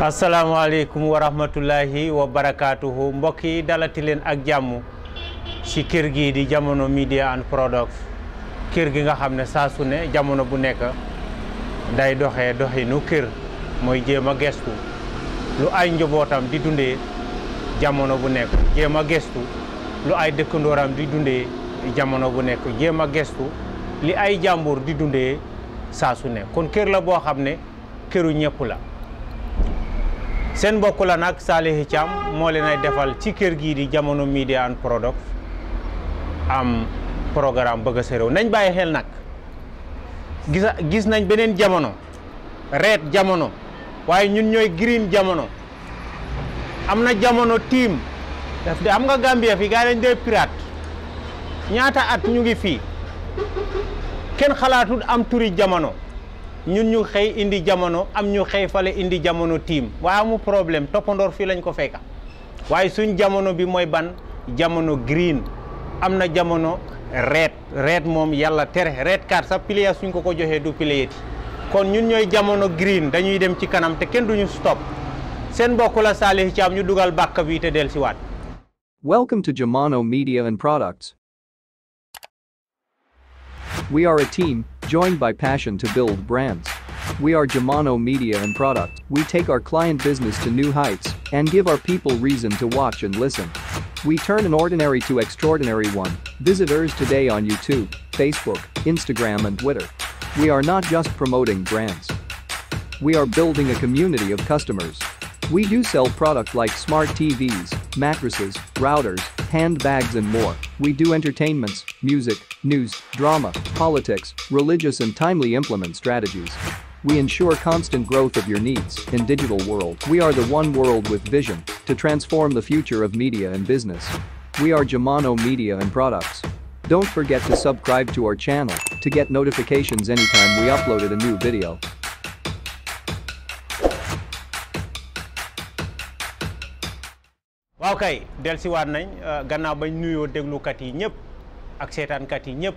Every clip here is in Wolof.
asalaamaaleykum wa rahmatullahi wa barakaatuhu mbokk yi dalati leen ak jàmm ci kër gi di jamono media and products kër gi nga xam ne saa su ne jamono bu nekk day doxee doxinu kër mooy jéem a gees gestu lu ay njabootam di dundee jamono bu nekk jéem a gestu lu ay dëkkandooram di dundee jamono bu nekk jéem a gestu li ay jàmbur di dundee saa su ne kër la boo xam ne këru ñëpp la seen mbokk la nag Salih Thiam moo leen ay defal ci kër gii di Jamano Media an Product am programme bëgg sa nañ bàyyi xel nag gis nañ beneen jamono reet jamono waaye ñun ñooy green jamono am na jamono tiim daf di am nga Gambia fi gars yi dañ ñaata at ñu ngi fii kenn xalaatul am turi jamono ñun ñu xëy indi jamono am ñu xëy fale indi jamono amu problème lañ ko fekka suñ jamono bi ban jamono green jamono yàlla tere pilier suñ ko ko du pilier kon ñun jamono green dañuy dem ci kanam te kenn duñu stop la Salih ñu bi te del Welcome to Jamano Media and Products. We are a team joined by passion to build brands. We are Germano Media and Product. We take our client business to new heights and give our people reason to watch and listen. We turn an ordinary to extraordinary one. Visitors today on YouTube, Facebook, Instagram and Twitter. We are not just promoting brands. We are building a community of customers. We do sell product like smart TVs, mattresses, routers, handbags and more. We do entertainments, music, news, drama, politics, religious and timely implement strategies. We ensure constant growth of your needs in digital world. We are the one world with vision to transform the future of media and business. We are Jamano Media and Products. Don't forget to subscribe to our channel to get notifications anytime we uploaded a new video. Okay, kay dellusiwaat nañ uh, gannaaw bañ nuyoo déglukat yi ñëpp ak seetaankat yi ñëpp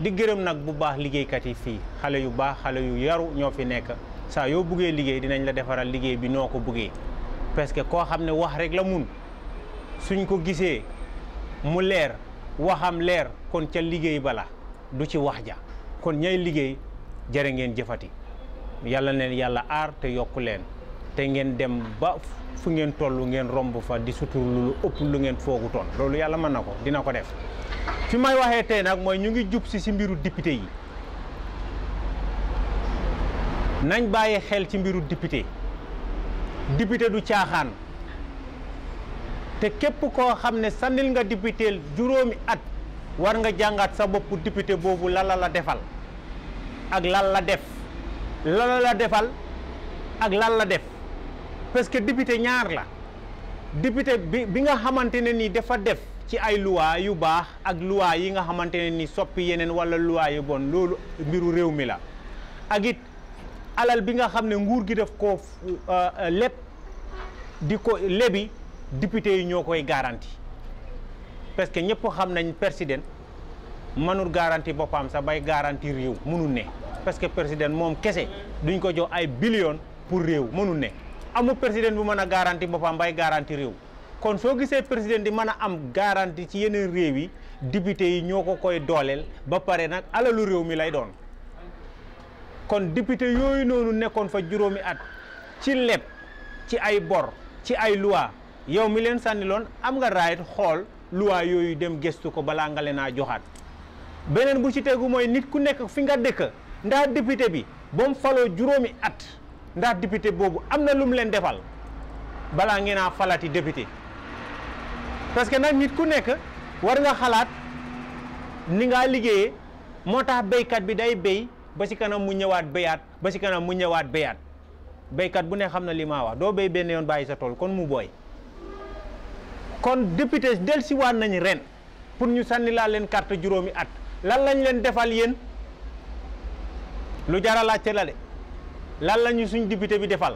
di gërëm nag bu baax liggéeykat yi fii xale yu baax xale yu yaru ñoo fi nekk saa yoo buggee liggéey dinañ la defaral liggéey bi noo ko buggee parce que koo xam ne wax rek la mun suñ ko gisee mu leer waxam leer kon ca liggéey bala du ci wax ja kon ñay liggéey jërë ngeen jëfati yàlla neen yàlla aar te yokku leen te ngeen dem ba fu ngeen tollu ngeen romb fa di sutur lu ëpp lu ngeen foogutoon loolu yàlla mën na ko dina ko def fi may waxee tey nag mooy ñu ngi jub si si mbiru député yi nañ bàyyi xel ci mbiru député député du caaxaan te képp koo xam ne sànnil nga députéel juróomi at war nga jàngaat sa boppu député boobu lala la defal ak lan la def lala la defal ak lan la def parce que député ñaar la député bi nga xamantene ni defa def ci ay loi yu bax ak loi yi nga xamantene ni soppi yenen wala loi yu bon lolu mbiru rew mi la ak it alal bi nga xamne nguur gi def ko euh, euh, lepp di lebi député yi ñokoy garantie garanti parce que ñepp xam nañ président mënul garanti bopam sa bay garanti rew mënu ne parce que président mom kese duñ ko jox ay billion pour rew mënu ne amul président bu mën a garanti boppam bay garanti réew kon soo gisee président di mën a am garanti ci yeneen réew yi député yi ñoo ko koy dooleel ba pare nag alalu réew mi lay doon kon député yooyu noonu nekkoon fa juróomi at ci leb ci ay bor ci ay loi yow mi leen sànni loon am nga raayit xool luwaa yooyu dem gëstu ko balaa nga leen a joxaat beneen bu ci tegu mooy nit ku nekk fi nga dëkk ndaa député bi ba mu faloo juróomi at ndax député boobu am na lu mu leen defal balaa ngeen a falati député parce que nag nit ku nekk war nga xalaat ni ngaa liggéeyee moo tax béykat bi day béy ba ci kanam mu ñëwaat béyaat ba ci kanam mu ñëwaat béyaat béykat bu ne xam na li maa wax doo béy benn yoon bàyyi sa tool kon mu booy kon député del si waat nañ ren pour ñu sànni laa leen carte juróomi at lan lañ leen defal yéen lu jara laajte la de lan la ñu suñ député bi defal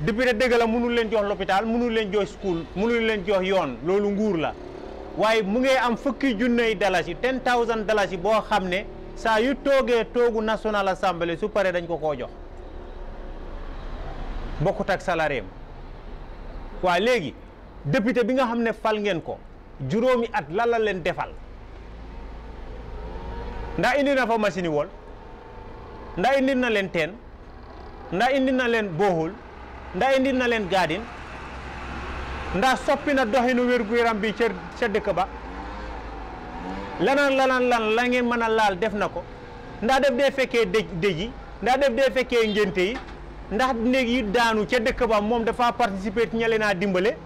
député dëgg la mënul leen jox l'hôpital mënul leen jox school mënul leen jox yoon loolu nguur la waaye mu ngi am fukki junney dalasi ten thousand dalasi boo xam ne saa yu toogee toogu national assemblée su paree dañ ko koo jox bokkut ak salarié waa léegi député bi nga xam ne fal ngeen ko juróomi at lan la leen defal ndax indi na fa machine yi wol ndax indi na leen teen ndax indi na leen boohul ndax indi na leen gaadin ndax soppi na doxinu wér-gu-yaram bi ca ca dëkk ba lanaan lanaan lan la ngeen mën a laal def na ko ndaa def dee fekkee dëj dëj yi ndaa def dee fekkee ngénte yi ndax néeg yi daanu ca dëkk ba moom dafa participer ci ña leen dimbale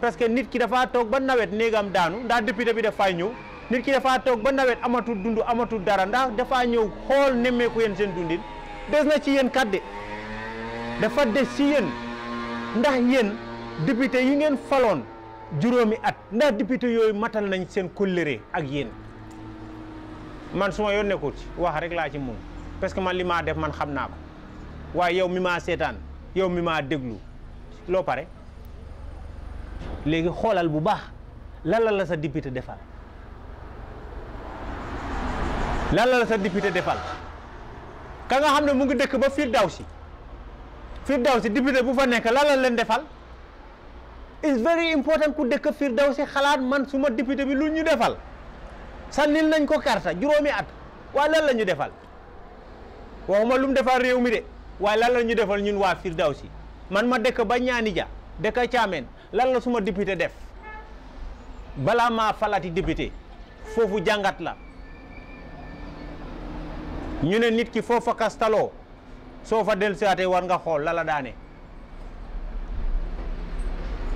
parce que nit ki dafa toog ba nawet néegam daanu ndax député bi dafay ñëw nit ki dafa toog ba nawet amatul dund amatul dara ndax dafa ñëw xool nemmeeku yéen seen dundin des na ci yéen kàdde dafa dess ci yeen ndax yeen député yi ngeen falon juromi at ndax député yoy matal nañ sen kóllëre ak yeen man suma yoon ko ci wax rek la ci mun parce que man li ma def man xamna ko way yow mi ma seetaan yow mi ma deglu lo pare légui xolal bu baax la la sa député defal lan la la sa député defal ka nga xamne mu ngi dekk ba fi daw si Firdawsi député bu fa nekk la la leen defal it's very important ku dëkk Firdawsi xalaat man suma député bi lu ñu defal sànnil nañ ko karta juróomi at waaye lan la ñu defal waxuma lu mu defal réew mi de waaye lan la ñu defal ñun waa Firdawsi man ma dëkk ba ñaani ja dëkk caameen lan la suma député def balaa maa falati député foofu jàngat la ñu ne nit ki foofa kastaloo soo fa dellusiwaatee war nga xool lala daane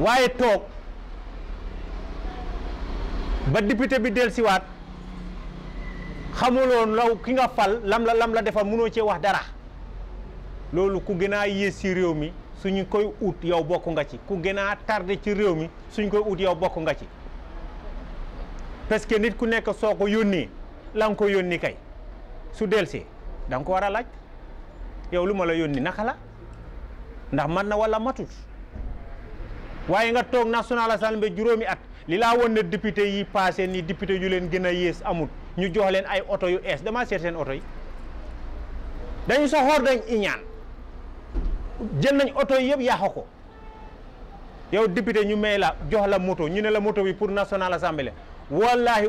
waaye toog ba député bi dellusiwaat xamuloon law ki nga fal lam la lam la defal mënoo cee wax dara loolu ku gën a yées ci réew mi suñu koy ut yow bokk nga ci ku gën a tardé ci réew mi suñ koy ut yow bokk nga ci parce que nit ku nekk soo ko yónnee la ko yónni kay su dellusee da nga ko war a laaj yow lu ma la yónni naka la ndax man na walla matut waaye nga toog national assemblée juróomi at li laa woon ne député yi paase ni député yu leen gën a yées amul ñu jox leen ay oto yu ees dama seet seen oto yi dañu soxoor dañ iñaan jël nañ oto yi yëpp yàq ko yow député ñu may la jox la moto ñu ne la moto bi pour national assemblée wallahi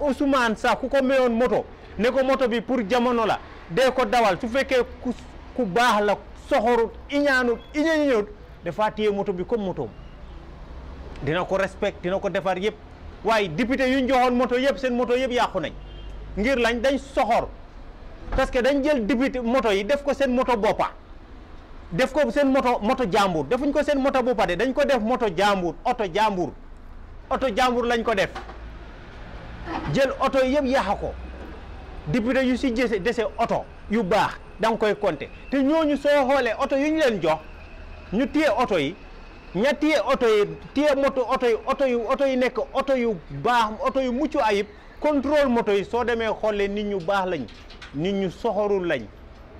Ousmane sax ku ko mayoon moto ne ko moto bi pour jamono la dee ko dawal su fekkee ku baax la soxorut iñaanut iñañut dafa téye moto bi comme motoom dina ko respect dina ko defar yëpp waaye député yu ñu moto yëpp seen moto yëpp yàqu nañ ngir lañ dañ soxor parce que dañ jël député moto yi def ko seen moto boppa def ko seen moto moto jàmbur defuñ ko seen moto boppa de dañ ko def moto jàmbur oto jàmbur oto jàmbur lañ ko def jël oto yëpp yàq ko député yu si dese dese oto yu baax da nga koy compter te ñooñu soo xoolee oto yu ñu leen jox ñu téye oto yi ña téye oto yi téye moto oto yi oto yu oto yi nekk oto yu baax oto yu mucc ayib contrôle moto yi soo demee xoolee nit ñu baax lañ nit ñu soxorul lañ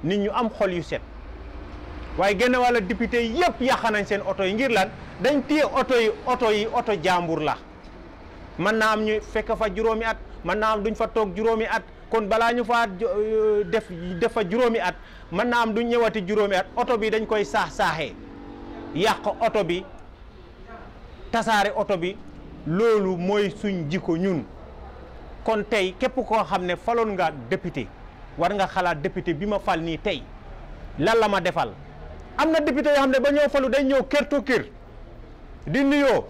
nit ñu am xol yu set waaye genn wàlla député yëpp yàq nañ seen oto yi ngir lan dañ téye oto yi oto yi oto jàmbur la mën naa am ñu fekk fa juróomi at man na am duñ fa tok juróomi at kon bala ñu fa euh, def def fa juróomi at man na am duñ ñewati juróomi at auto bi dañ koy saax saaxee yaq auto bi tasaré auto bi lolu moy suñ jiko ñun kon tay képp ko xamné falon nga député war nga xalaat député bima fal ni tay lan la ma defal amna deputy député yo xamné ba ñëw falu day ñëw kër to kër di nuyo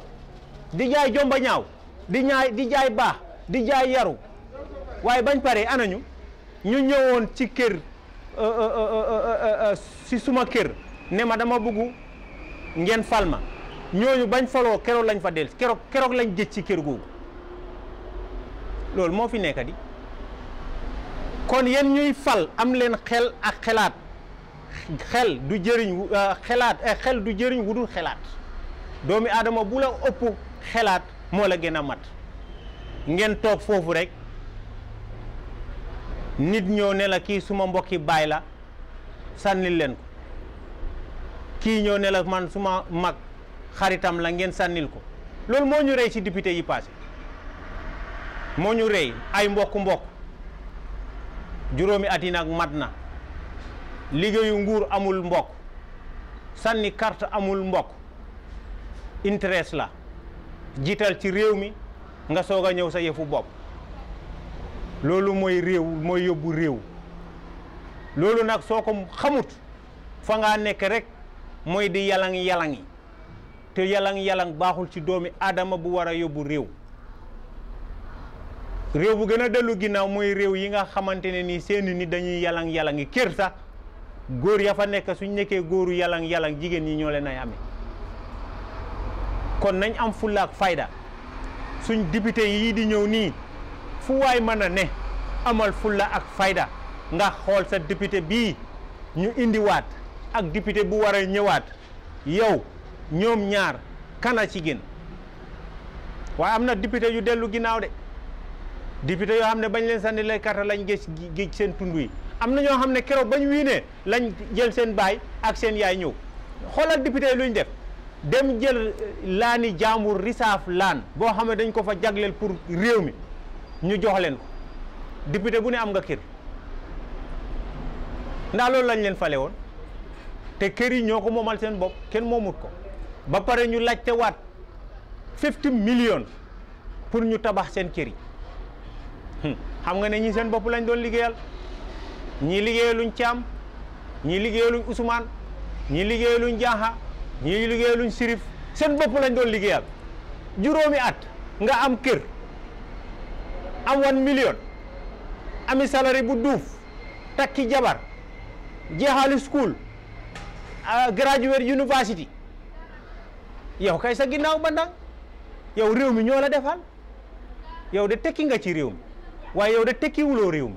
di jaay jomba ñaaw di ñaay di jaay baax di jaay yaru waye bañ pare anañu ñu ñëwoon ci kër euh, euh, euh, si suma kër ne ma dama bëgg ngeen fal ma ñooñu bañ faloo lañ fa del kéro kéro lañ jëj ci kër googu lool mo fi nekk di kon yéen ñuy fal am leen xel ak xelaat xel du jëriñ xelaat xel du jëriñ wudul xelaat doomi adama bu la upp xelaat mo la gëna mat ngeen toog foofu rek nit ñëw ne la kii suma mbokki baay la sànnil leen ko kii ñëw ne la man suma mag xaritam la ngeen sànnil ko loolu moo ñu rey si député yi passé moo ñu rey ay mbokk mbokk juróomi at yi nag mat na liggéeyu nguur amul mbokk sànni carte amul mbokk interest la jiital ci réew mi nga soog a ñëw sa yëfu bopp loolu mooy réew mooy yóbbu réew loolu nag soo ko xamut fa ngaa nekk rek mooy di yalang yalangi te yalang yalang baaxul ci doomi aadama bu war a yóbbu réew réew bu gën a dellu ginnaaw mooy réew yi nga xamante ne nii seeni ni dañuy yalang yalangi kër sax góor ya fa nekk suñ nekkee góoru yalang yalang jigéen ñi ñoo leen ay amee kon nañ am fulla fayda suñ député yii di ñëw nii fu waay mën a ne amal fulla ak fayda nga xool sa député bii ñu indiwaat ak député bu war a ñëwaat yow ñoom ñaar kana ci gën waaye am na député yu dellu ginnaaw de député yoo xam ne bañ leen sànni lay karta lañ gis géej seen tund yi am na ñoo xam ne keroog bañ wiinee lañ jël seen baay ak seen yaay ñëw xoolal député yi luñ def dem jël euh, laani jaambur risaaf laan boo xam ne dañ ko fa jagleel pour réew mi ñu jox leen ko député bu ne am nga kër ndax loolu lañ leen fale woon te kër yi ñoo ko moomal seen bopp kenn moomut ko ba pare ñu laajte waat fifty million pour ñu tabax seen kër yi hmm. xam nga ne ñi seen bopp lañ doon liggéeyal ñii liggéeyaluñ Caam ñii liggéeyaluñ Ousmane ñii liggéeyaluñ Jaaxa liggéey luñ sirif seen bopp lañ doon liggéeyal juróomi at nga am kër am wan million ami salari bu duuf takki jabar jeexali school graduate university yow kay sa ginnaaw bandang yow réew mi ñoo la defal yow de tekki nga ci réew mi waaye yow de tekki wuloo réew mi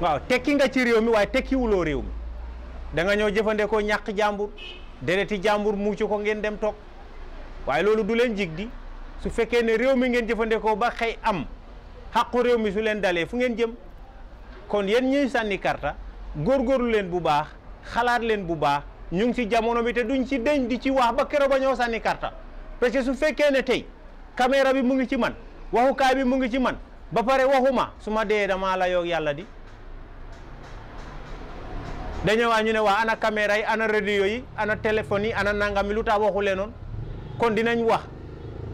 waaw tekki nga ci réew mi tekki wuloo réew mi da nga ko ñàkk jàmbur dereti jàmbur muucu ko ngeen dem toog waaye loolu du leen jig di su fekkee ne réew mi ngeen jëfandikoo ba xëy am xàqu réew mi su leen dalee fu ngeen jëm kon yéen ñuy sànni karta góor góorgóorlu leen bu baax xalaat leen bu baax ñu ngi ci jamono bi te duñ ci deñ di ci wax ba kero ba ñoo sànni karta parce que su fekkee ne tey caméra bi mu ngi ci man waxukaay bi mu ngi ci man ba pare waxuma su ma dee damaa la yoog yàlla di dañoo waa ñu ne waa ana caméra yi ana radio yi ana téléphone yi ana nangam yi lu tax waxu leen kon dinañ wax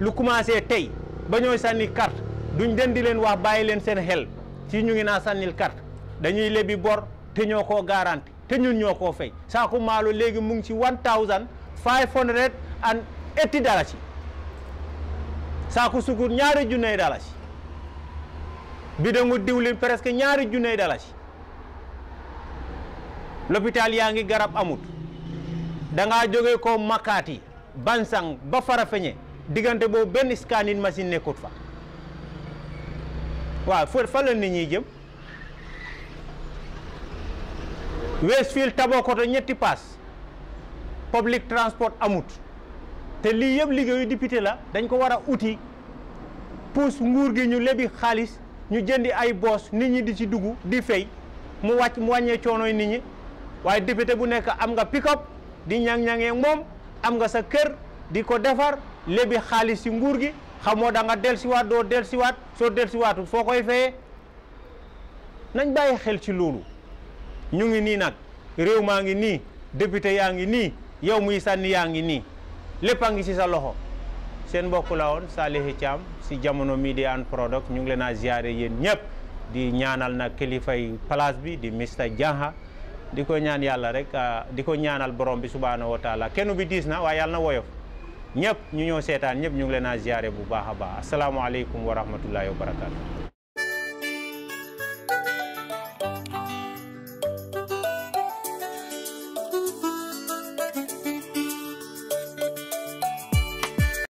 lu commencé tey ba ñooy sànni carte duñ den di leen wax bàyyi leen seen xel ci ñu ngi naa sànnil carte dañuy lebi bor te ñoo koo garanti te ñun ñoo koo fay saaku maalo léegi mu ngi ci one thousand five hundred and eighty dalasi saaku sukur bi junney dalasi bidongu diwlin presque ñaari dala dalasi l'hôpital yaa ngi garab amut dangaa jóge ko Makaati Bansang ba Farafeñe diggante boobu benn scanning machine nekkut fa waaw fa fa la nit ñi jëm Westfield Tabokoto ñetti paas public transport te lii yëpp liggéeyu député la dañ ko war a uti puus nguur gi ñu lebi xaalis ñu jëndi ay boos nit ñi di ci dugg di fay mu wàcc mu wàññee coonoy nit ñi waye député bu nek am nga pick-up di ñang ñangé yang am nga sa kër di ko lebih lebi xaalis ci nguur gi xamoo da nga dellusiwaat doo dellusiwaat soo dellusiwaatul fo koy fey nañ baye xel ci lolu ñu ngi ni nak rew ma ngi ni député ya ngi ni yow muy ya ngi ni si sa loxo seen bokku la won salih cham ci jamono Media and Product ñu ngi leena ziaré yeen ñep di ñaanal nag yi place bi di Mr Jaha di ko ñaan yàlla rek ah, di ko ñaanal borom bi subhaanahu wa taala kenn bi diis na waaye yàlla na woyof ñëpp ñu ñëw seetaan ñëpp ñu ngi leen a ziare bu baax a baax asalaamualeykum wa rahmatullahi wa barakaatu.